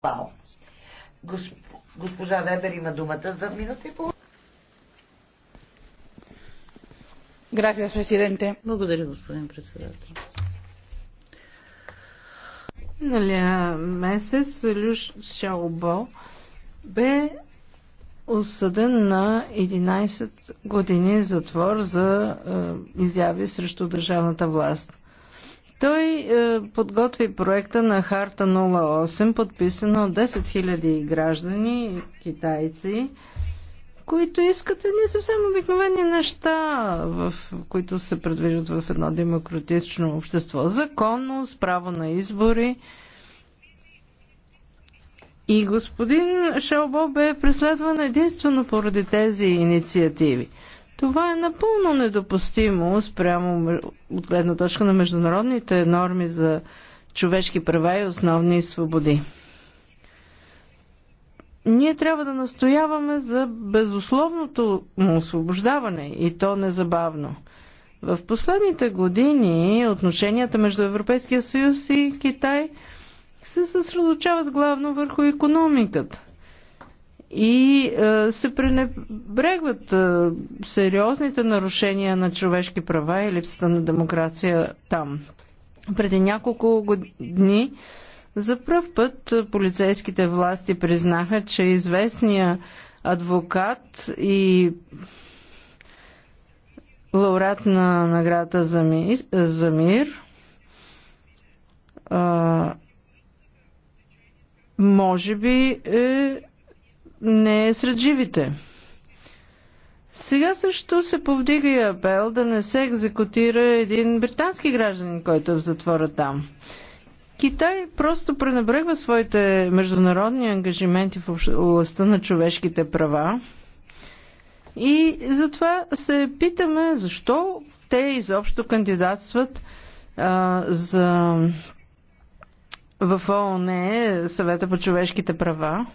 Пао. Госпожа Вебер има думата за минута и половина. Gracias, presidente. Благодаря, господин председател. Миналия месец Люш Шаобо бе осъден на 11 години затвор за е, изяви срещу държавната власт. Той е, подготви проекта на Харта 08, подписана от 10 000 граждани, китайци, които искат едни съвсем обикновени неща, в, които се предвиждат в едно демократично общество. Законност, право на избори. И господин Шелбо бе преследван единствено поради тези инициативи. Това е напълно недопустимо спрямо от гледна точка на международните норми за човешки права и основни свободи. Ние трябва да настояваме за безусловното му освобождаване и то незабавно. В последните години отношенията между Европейския съюз и Китай се съсредоточават главно върху економиката и е, се пренебрегват е, сериозните нарушения на човешки права и липсата на демокрация там. Преди няколко дни за пръв път е, полицейските власти признаха, че известния адвокат и лауреат на наградата за ми, за мир а, може би е не е сред живите. Сега също се повдига и апел да не се екзекутира един британски гражданин, който е в затвора там. Китай просто пренебрегва своите международни ангажименти в областта на човешките права. И затова се питаме защо те изобщо кандидатстват а, за в ООН, Съвета по човешките права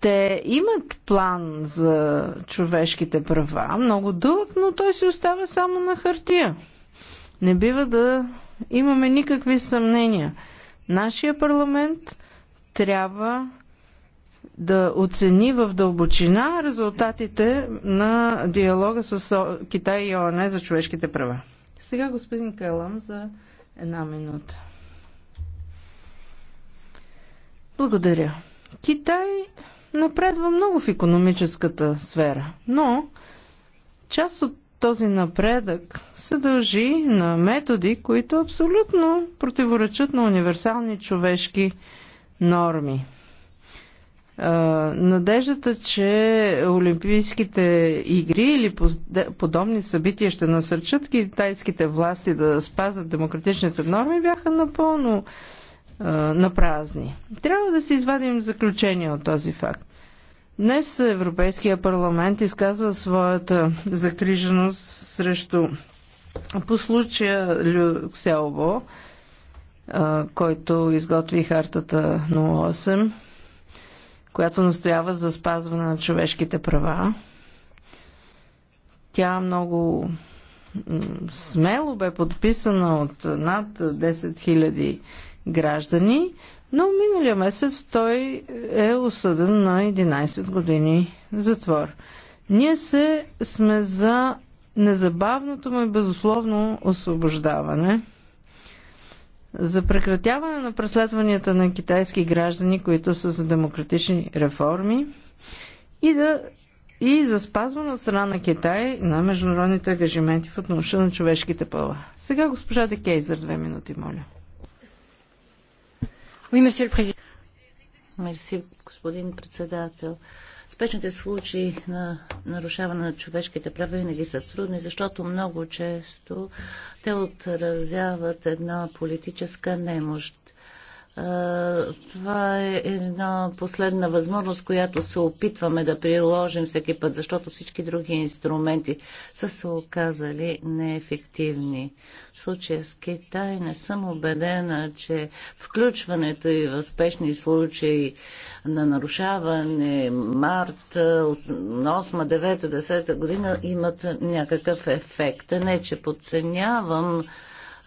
те имат план за човешките права, много дълъг, но той се остава само на хартия. Не бива да имаме никакви съмнения. Нашия парламент трябва да оцени в дълбочина резултатите на диалога с Китай и ООН за човешките права. Сега господин Кайлам, за една минута. Благодаря. Китай напредва много в економическата сфера, но част от този напредък се дължи на методи, които абсолютно противоречат на универсални човешки норми. Надеждата, че Олимпийските игри или подобни събития ще насърчат китайските власти да спазват демократичните норми, бяха напълно на празни. Трябва да се извадим заключение от този факт. Днес Европейския парламент изказва своята загриженост срещу по случая Люкселбо, който изготви хартата 08, която настоява за спазване на човешките права. Тя много смело бе подписана от над 10 000 граждани, но миналия месец той е осъден на 11 години затвор. Ние се сме за незабавното му и безусловно освобождаване, за прекратяване на преследванията на китайски граждани, които са за демократични реформи и, да, и за спазване от страна на Китай на международните ангажименти в отношение на човешките права. Сега госпожа Декейзър, две минути, моля господин председател. Спешните случаи на нарушаване на човешките права винаги са трудни, защото много често те отразяват една политическа немощ. Това е една последна възможност, която се опитваме да приложим всеки път, защото всички други инструменти са се оказали неефективни. В случая с Китай не съм убедена, че включването и в спешни случаи на нарушаване март, 8, 9, 10 година имат някакъв ефект. Не, че подценявам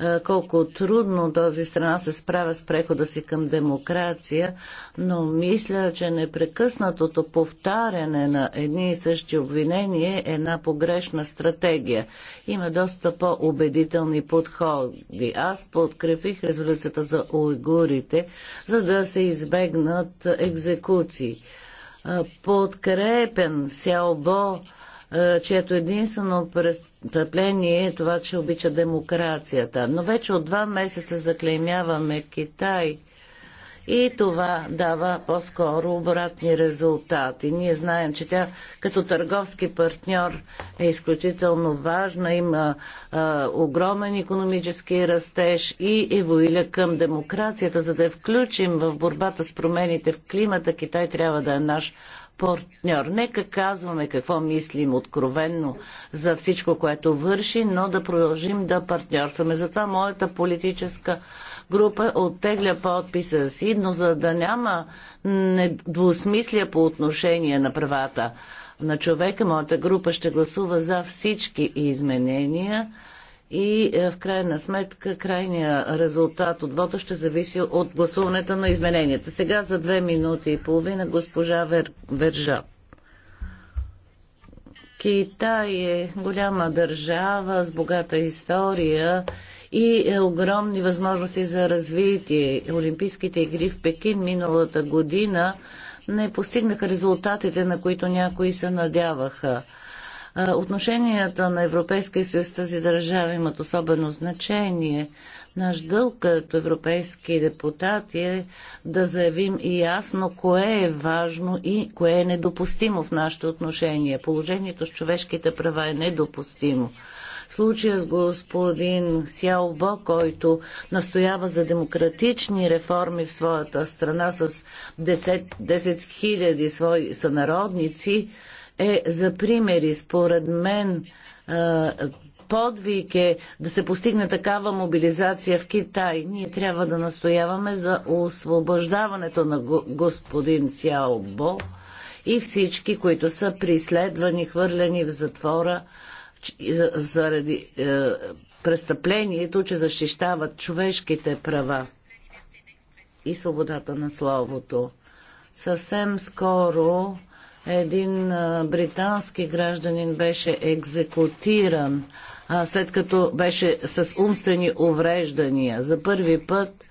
е, колко трудно този страна се справя с прехода си към демокрация, но мисля, че непрекъснатото повтаряне на едни и същи обвинения е една погрешна стратегия. Има доста по-убедителни подходи. Аз подкрепих резолюцията за уйгурите, за да се избегнат екзекуции. Е, подкрепен Сялбо е, чието единствено престъпление е това, че обича демокрацията. Но вече от два месеца заклеймяваме Китай и това дава по-скоро обратни резултати. Ние знаем, че тя като търговски партньор е изключително важна, има а, е, огромен економически растеж и воиля към демокрацията. За да я включим в борбата с промените в климата, Китай трябва да е наш партньор. Нека казваме какво мислим откровенно за всичко, което върши, но да продължим да партньорстваме. Затова моята политическа група оттегля подписа си, но за да няма двусмислия по отношение на правата на човека, моята група ще гласува за всички изменения и е, в крайна сметка крайният резултат от вода ще зависи от гласуването на измененията. Сега за две минути и половина госпожа Вер... Вержа. Китай е голяма държава с богата история и е огромни възможности за развитие. Олимпийските игри в Пекин миналата година не постигнаха резултатите, на които някои се надяваха. Отношенията на Европейския съюз с тази държава имат особено значение. Наш дълг като европейски депутати е да заявим и ясно кое е важно и кое е недопустимо в нашите отношения. Положението с човешките права е недопустимо случая с господин Сяобо, който настоява за демократични реформи в своята страна с 10, 10 000 свои сънародници, е за примери. Според мен подвиг е да се постигне такава мобилизация в Китай. Ние трябва да настояваме за освобождаването на господин Бо и всички, които са преследвани, хвърлени в затвора заради е, престъплението, че защищават човешките права и свободата на словото. Съвсем скоро един британски гражданин беше екзекутиран, след като беше с умствени увреждания. За първи път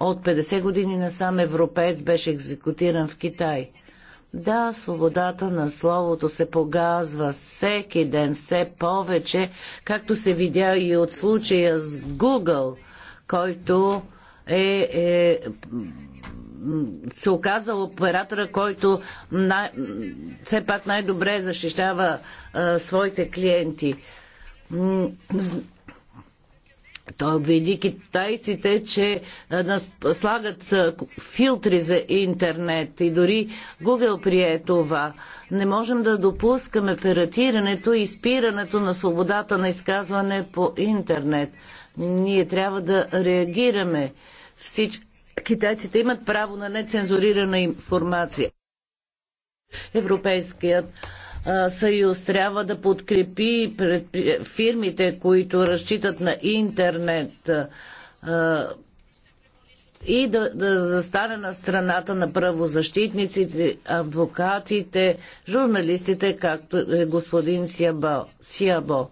от 50 години насам европеец беше екзекутиран в Китай. Да, свободата на словото се погазва всеки ден все повече, както се видя и от случая с Google, който е, е се оказа оператора, който най- все пак най-добре защищава а, своите клиенти. Той обвини китайците, че а, слагат а, филтри за интернет и дори Google прие това. Не можем да допускаме пиратирането и спирането на свободата на изказване по интернет. Ние трябва да реагираме. Всички китайците имат право на нецензурирана информация. Европейският съюз трябва да подкрепи фирмите, които разчитат на интернет и да, да застане на страната на правозащитниците, адвокатите, журналистите, както е господин Сиабо. Сиабо.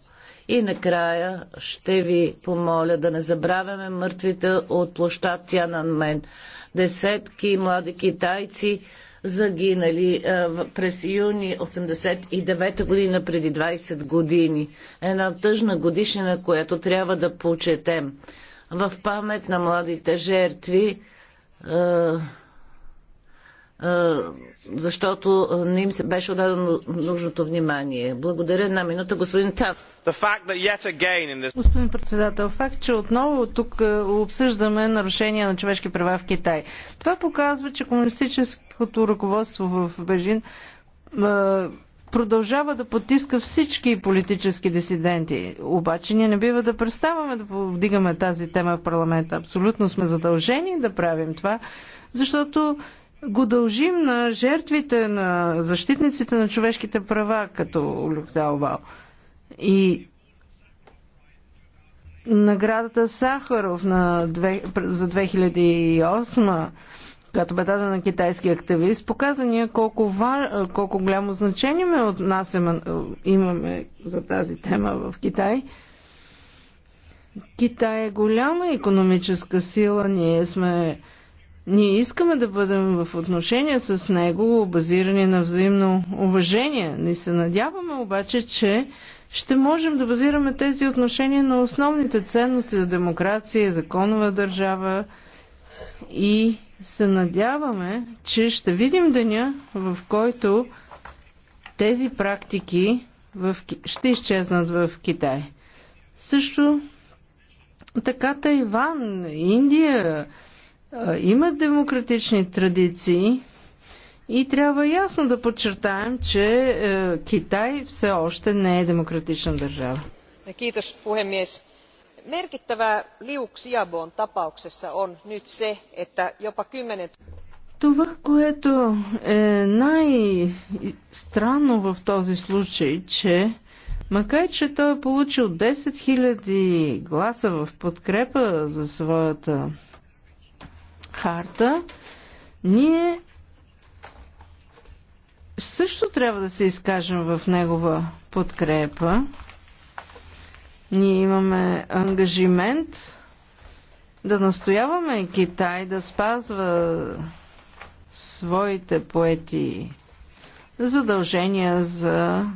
И накрая ще ви помоля да не забравяме мъртвите от площад Тянанмен. Десетки млади китайци загинали е, през юни 89 година, преди 20 години. Една тъжна годишнина, която трябва да почетем. В памет на младите жертви е, защото не им се беше отдадено нужното внимание. Благодаря една минута, господин Тав. Господин председател, факт, че отново тук обсъждаме нарушения на човешки права в Китай. Това показва, че комунистическото ръководство в Бежин продължава да потиска всички политически дисиденти. Обаче ние не бива да представаме да повдигаме тази тема в парламента. Абсолютно сме задължени да правим това, защото го дължим на жертвите, на защитниците на човешките права, като Люксел Вал. И наградата Сахаров на две, за 2008, която бе дадена на китайски активист, показа ние колко, ва, колко голямо значение ме отнасяме, имаме за тази тема в Китай. Китай е голяма економическа сила, ние сме ние искаме да бъдем в отношения с него, базирани на взаимно уважение. Не се надяваме обаче, че ще можем да базираме тези отношения на основните ценности за демокрация, законова държава и се надяваме, че ще видим деня, в който тези практики в... ще изчезнат в Китай. Също така Тайван, Индия, имат демократични традиции и трябва ясно да подчертаем, че е, Китай все още не е демократична държава. Kiitos puhemies. Merkittävää Liu Xiaobon tapauksessa on nyt se, että jopa 10 това, което е най-странно в този случай, че макар, че той е получил 10 000 гласа в подкрепа за своята карта, ние също трябва да се изкажем в негова подкрепа. Ние имаме ангажимент да настояваме Китай да спазва своите поети задължения за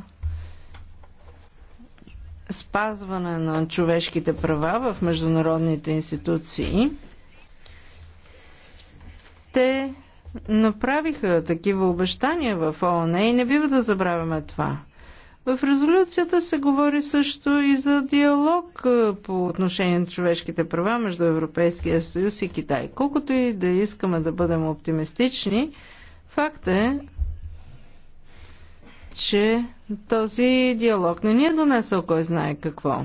спазване на човешките права в международните институции. Те направиха такива обещания в ООН и не бива да забравяме това. В резолюцията се говори също и за диалог по отношение на човешките права между Европейския съюз и Китай. Колкото и да искаме да бъдем оптимистични, факт е, че този диалог не ни е донесъл кой знае какво.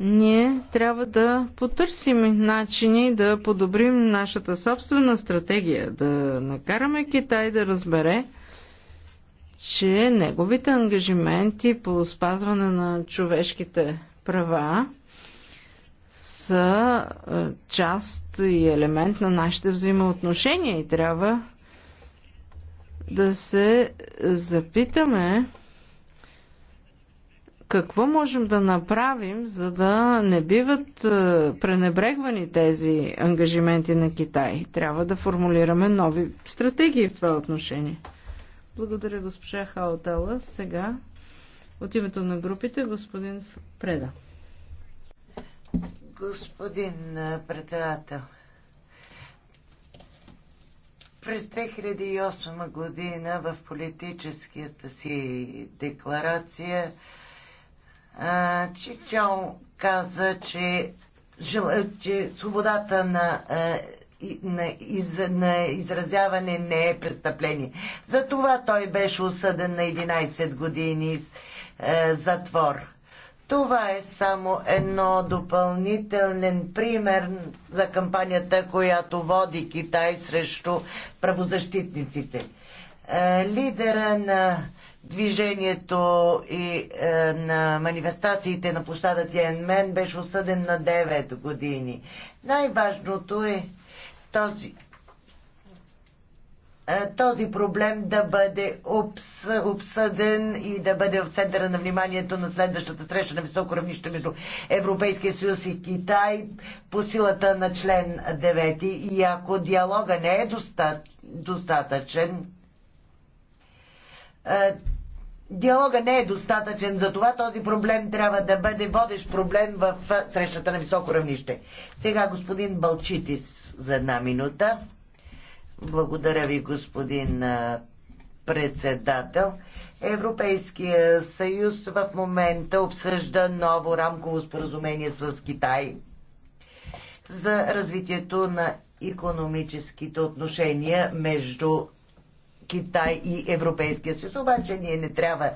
ние трябва да потърсим начини да подобрим нашата собствена стратегия, да накараме Китай да разбере, че неговите ангажименти по спазване на човешките права са е, част и елемент на нашите взаимоотношения и трябва да се запитаме какво можем да направим, за да не биват е, пренебрегвани тези ангажименти на Китай? Трябва да формулираме нови стратегии в това отношение. Благодаря, госпожа Хаотала. Сега от името на групите господин Преда. Господин е, председател, през 2008 година в политическата си декларация Чичао каза, че, е, че свободата на, е, на, из, на изразяване не е престъпление. Затова той беше осъден на 11 години е, затвор. Това е само едно допълнителен пример за кампанията, която води Китай срещу правозащитниците. Е, лидера на движението и е, на манифестациите на площада Тиенмен беше осъден на 9 години. Най-важното е този, е, този проблем да бъде обс, обсъден и да бъде в центъра на вниманието на следващата среща на високо равнище между Европейския съюз и Китай по силата на член 9. И ако диалога не е достатъчен, диалога не е достатъчен, затова този проблем трябва да бъде водещ проблем в срещата на високо равнище. Сега господин Балчитис за една минута. Благодаря ви, господин председател. Европейския съюз в момента обсъжда ново рамково споразумение с Китай за развитието на економическите отношения между Китай и Европейския съюз. Обаче ние не трябва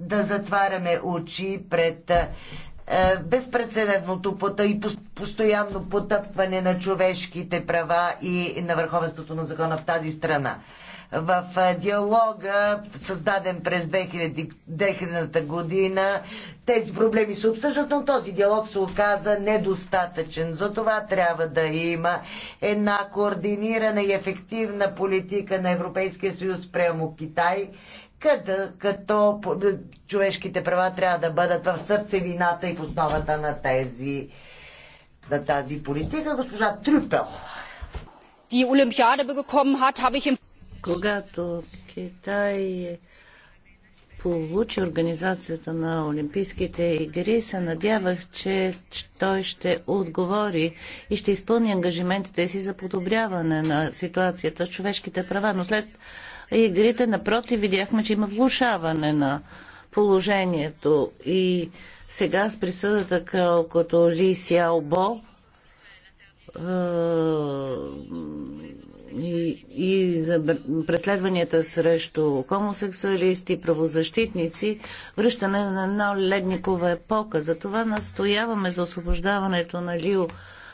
да затваряме очи пред е, безпредседентното и постоянно потъпване на човешките права и на върховенството на закона в тази страна в диалога, създаден през 2000, година. Тези проблеми се обсъждат, но този диалог се оказа недостатъчен. Затова трябва да има една координирана и ефективна политика на Европейския съюз прямо Китай, къде, като човешките права трябва да бъдат в сърцевината и в основата на тези на тази политика. Госпожа Трюпел. Die Olympiade bekommen hat, habe ich im когато Китай получи организацията на Олимпийските игри, се надявах, че той ще отговори и ще изпълни ангажиментите си за подобряване на ситуацията с човешките права. Но след игрите, напротив, видяхме, че има влушаване на положението. И сега с присъдата като Ли Сяо Бо, е, и, и за преследванията срещу хомосексуалисти, правозащитници, връщане на една ледникова епока. Затова настояваме за освобождаването на Лио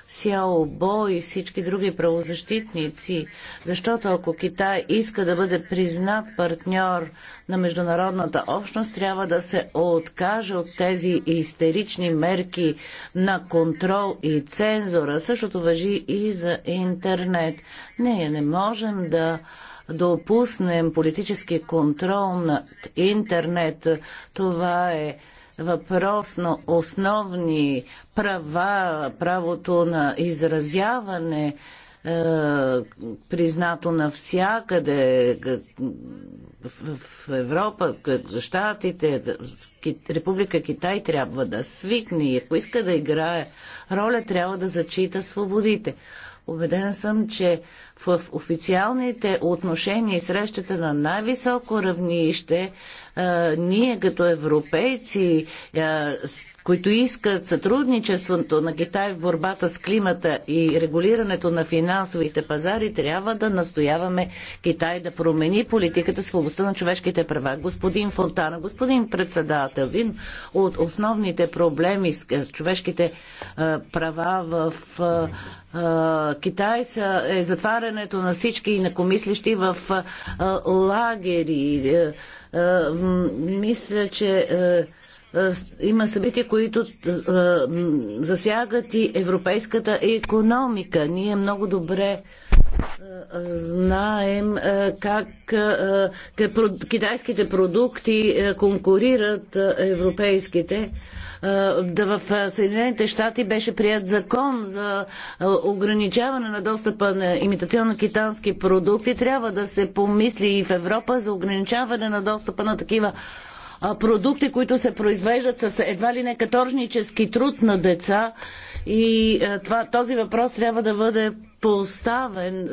Сяо Бо и всички други правозащитници, защото ако Китай иска да бъде признат партньор на международната общност, трябва да се откаже от тези истерични мерки на контрол и цензура. Същото въжи и за интернет. Ние не можем да допуснем политически контрол над интернет. Това е въпрос на основни права, правото на изразяване, е, признато навсякъде в Европа, в Штатите, Република Китай трябва да свикне и ако иска да играе роля, трябва да зачита свободите. Обеден съм, че в официалните отношения и срещата на най-високо равнище ние като европейци, които искат сътрудничеството на Китай в борбата с климата и регулирането на финансовите пазари, трябва да настояваме Китай да промени политиката с областта на човешките права. Господин Фонтана, господин председател, един от основните проблеми с човешките права в Китай е затварянето на всички инакомислещи в лагери е, мисля, че е, е, има събития, които засягат и европейската економика. Ние много добре знаем как китайските продукти конкурират европейските е, да в е, Съединените щати беше прият закон за е, ограничаване на достъпа на имитационно китански продукти. Трябва да се помисли и в Европа за ограничаване на достъпа на такива продукти, които се произвеждат с едва ли не каторжнически труд на деца. И това, този въпрос трябва да бъде поставен,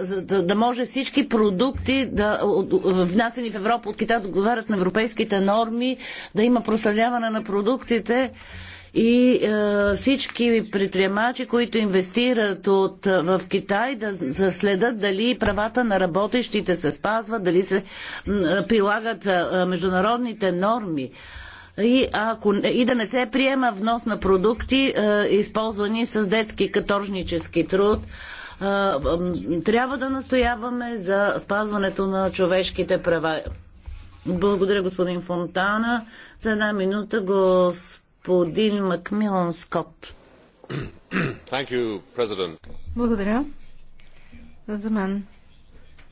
за да може всички продукти, да, внасени в Европа от Китай, да отговарят на европейските норми, да има проследяване на продуктите и е, всички предприемачи, които инвестират от, е, в Китай, да заследат дали правата на работещите се спазват, дали се е, прилагат е, е, международните норми. И, ако, и да не се приема внос на продукти, е, използвани с детски каторжнически труд. Е, е, трябва да настояваме за спазването на човешките права. Благодаря, господин Фонтана. За една минута, господин господин Макмилан Скот. Благодаря. За мен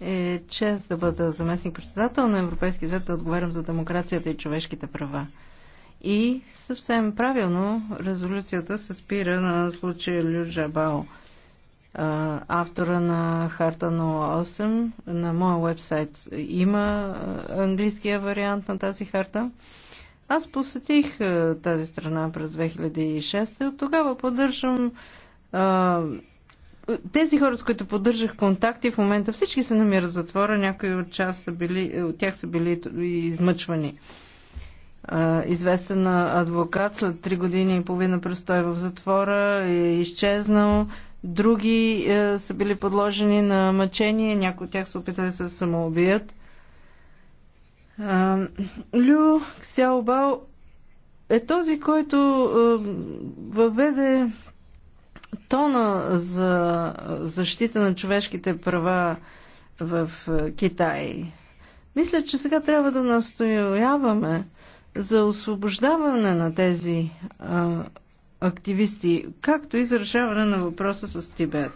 е чест да бъда заместник-председател на Европейския съвет да отговарям за демокрацията и човешките права. И съвсем правилно резолюцията се спира на случая Люджа Бао, автора на Харта 08. На моя вебсайт има английския вариант на тази харта. Аз посетих а, е, тази страна през 2006 и от тогава поддържам а, тези хора, с които поддържах контакти, в момента всички се намират в затвора, някои от, час са били, от тях са били измъчвани. А, известен адвокат след 3 години и половина престой в затвора е изчезнал. Други е, са били подложени на мъчение, някои от тях са опитали да се самоубият. Лю Ксяобао е този, който въведе тона за защита на човешките права в Китай. Мисля, че сега трябва да настояваме за освобождаване на тези а, активисти, както и за решаване на въпроса с Тибет.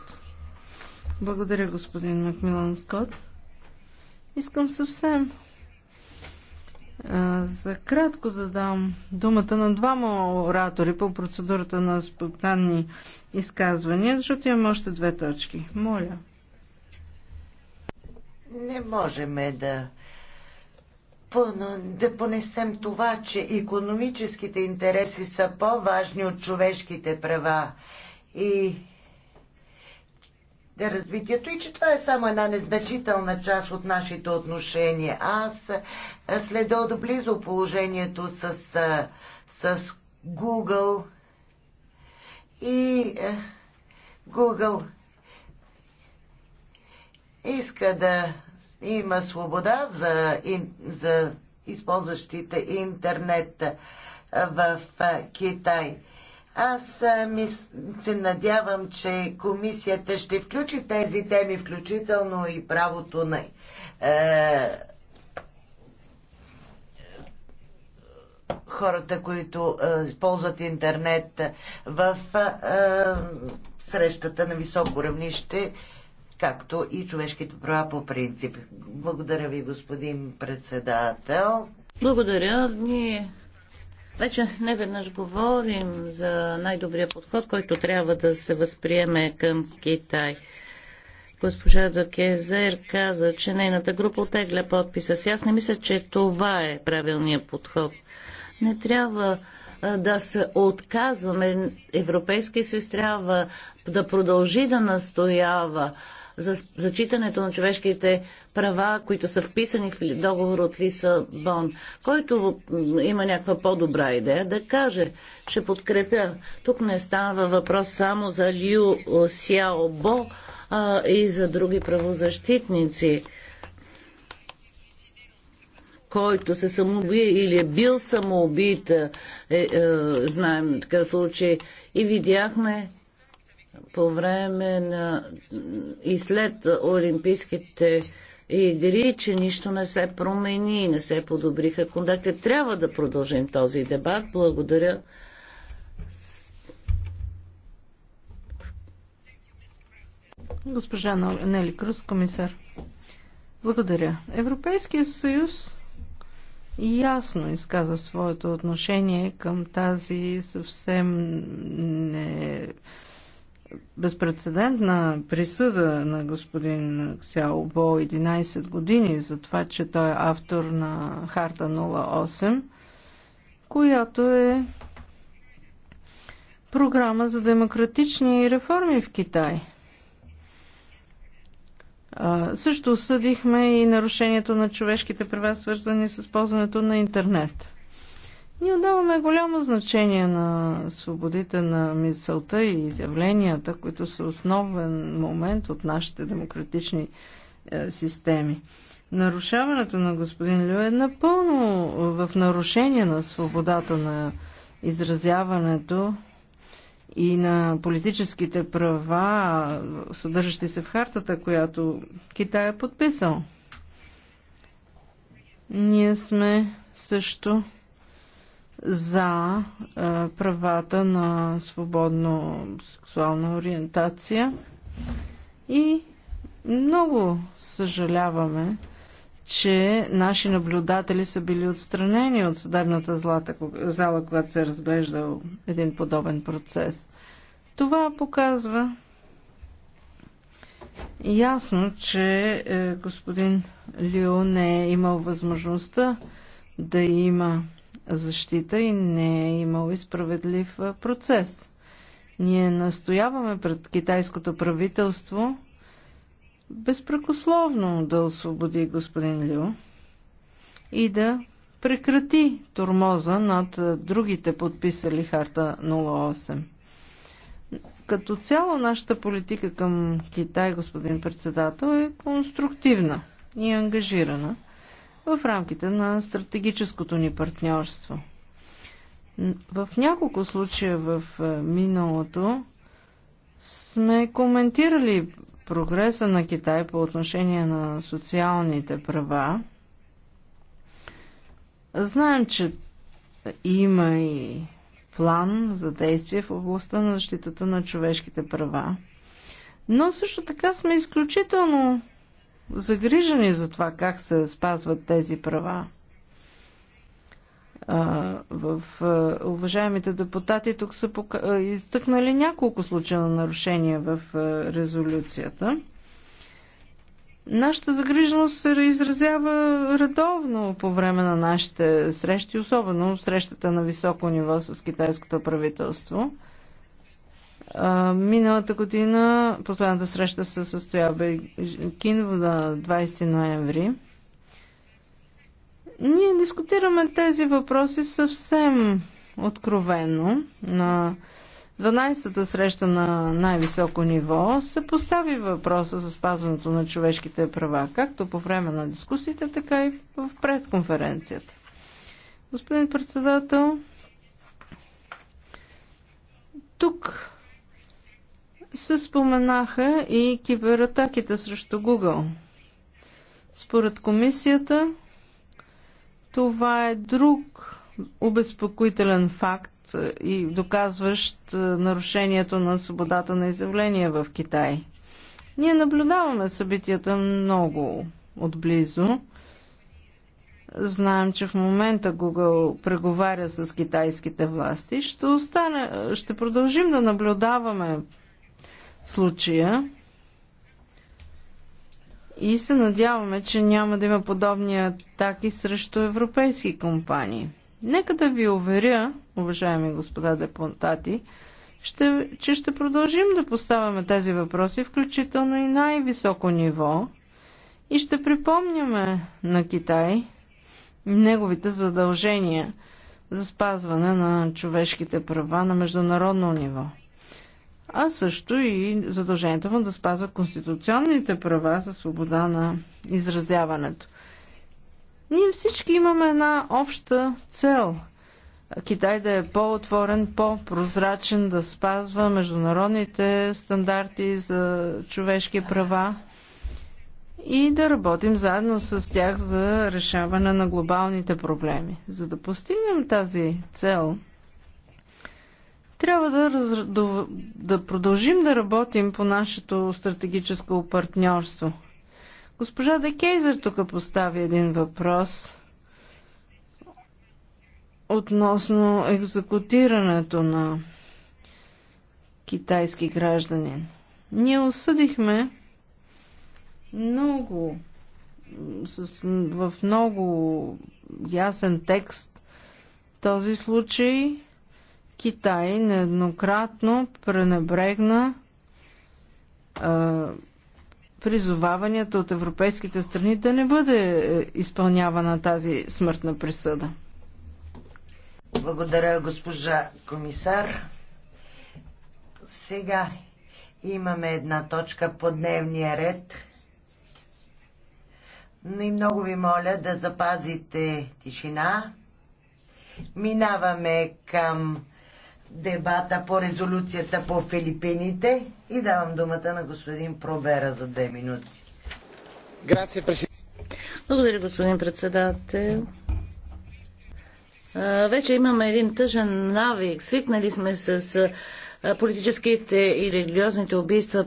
Благодаря, господин Макмилан Скот. Искам съвсем за кратко да дам думата на двама оратори по процедурата на спонтанни изказвания, защото имам още две точки. Моля. Не можем да да понесем това, че економическите интереси са по-важни от човешките права и развитието и че това е само една незначителна част от нашите отношения. Аз следа отблизо положението с, с Google и Google иска да има свобода за, за използващите интернет в Китай. Аз ми се надявам, че комисията ще включи тези теми, включително и правото на е, хората, които е, използват интернет в е, срещата на високо равнище, както и човешките права по принцип. Благодаря ви, господин председател. Благодаря. Ние вече не веднъж говорим за най-добрия подход, който трябва да се възприеме към Китай. Госпожа Докезер каза, че нейната група отегля подписа си. Аз не мисля, че това е правилният подход. Не трябва да се отказваме. Европейски съюз трябва да продължи да настоява за зачитането на човешките права, които са вписани в договор от Лисабон. Който има някаква по-добра идея да каже, ще подкрепя. Тук не става въпрос само за Лю Сяобо а, и за други правозащитници който се самоуби или е бил самоубит, е, е, знаем така случай, и видяхме по време на и след Олимпийските Игри, че нищо не се промени, и не се подобриха контакти, трябва да продължим този дебат. Благодаря. Госпожа Нели Крус, комисар. Благодаря. Европейския съюз ясно изказа своето отношение към тази съвсем не безпредседентна присъда на господин Ксяо Бо 11 години за това, че той е автор на Харта 08, която е програма за демократични реформи в Китай. А, също осъдихме и нарушението на човешките права, свързани с ползването на интернет. Ние отдаваме голямо значение на свободите на мисълта и изявленията, които са основен момент от нашите демократични е, системи. Нарушаването на господин Лю е напълно в нарушение на свободата на изразяването и на политическите права, съдържащи се в хартата, която Китай е подписал. Ние сме също за е, правата на свободно сексуална ориентация и много съжаляваме, че наши наблюдатели са били отстранени от съдебната злата, зала, когато се е разглеждал един подобен процес. Това показва ясно, че е, господин Лио не е имал възможността да има защита и не е имал и справедлив процес. Ние настояваме пред китайското правителство безпрекословно да освободи господин Лю и да прекрати турмоза над другите подписали харта 08. Като цяло нашата политика към Китай, господин председател, е конструктивна и ангажирана – в рамките на стратегическото ни партньорство. В няколко случая в е, миналото сме коментирали прогреса на Китай по отношение на социалните права. Знаем, че има и план за действие в областта на защитата на човешките права. Но също така сме изключително загрижени за това как се спазват тези права. А, в а, уважаемите депутати тук са пока... изтъкнали няколко случая на нарушения в а, резолюцията. Нашата загриженост се изразява редовно по време на нашите срещи, особено срещата на високо ниво с китайското правителство – Миналата година последната среща се състоя в Бекин на 20 ноември. Ние дискутираме тези въпроси съвсем откровено. На 12-та среща на най-високо ниво се постави въпроса за спазването на човешките права, както по време на дискусиите, така и в пресконференцията. Господин председател, тук се споменаха и кибератаките срещу Google. Според комисията, това е друг обезпокоителен факт и доказващ е, нарушението на свободата на изявление в Китай. Ние наблюдаваме събитията много отблизо. Знаем, че в момента Google преговаря с китайските власти. Ще, остане, ще продължим да наблюдаваме случая. И се надяваме, че няма да има подобни атаки срещу европейски компании. Нека да ви уверя, уважаеми господа депутати, ще, че ще продължим да поставяме тези въпроси, включително и най-високо ниво, и ще припомняме на Китай неговите задължения за спазване на човешките права на международно ниво а също и задължението му да спазва конституционните права за свобода на изразяването. Ние всички имаме една обща цел. Китай да е по-отворен, по-прозрачен, да спазва международните стандарти за човешки права и да работим заедно с тях за решаване на глобалните проблеми. За да постигнем тази цел, трябва да, раз... да продължим да работим по нашето стратегическо партньорство. Госпожа Декейзер тук постави един въпрос относно екзекутирането на китайски гражданин. Ние осъдихме много с, в много ясен текст този случай Китай нееднократно пренебрегна призоваванията от европейските страни да не бъде е, изпълнявана тази смъртна присъда. Благодаря, госпожа комисар. Сега имаме една точка по дневния ред. Но и много ви моля да запазите тишина. Минаваме към дебата по резолюцията по Филипините и давам думата на господин Пробера за две минути. Благодаря, господин председател. Вече имаме един тъжен навик. Свикнали сме с политическите и религиозните убийства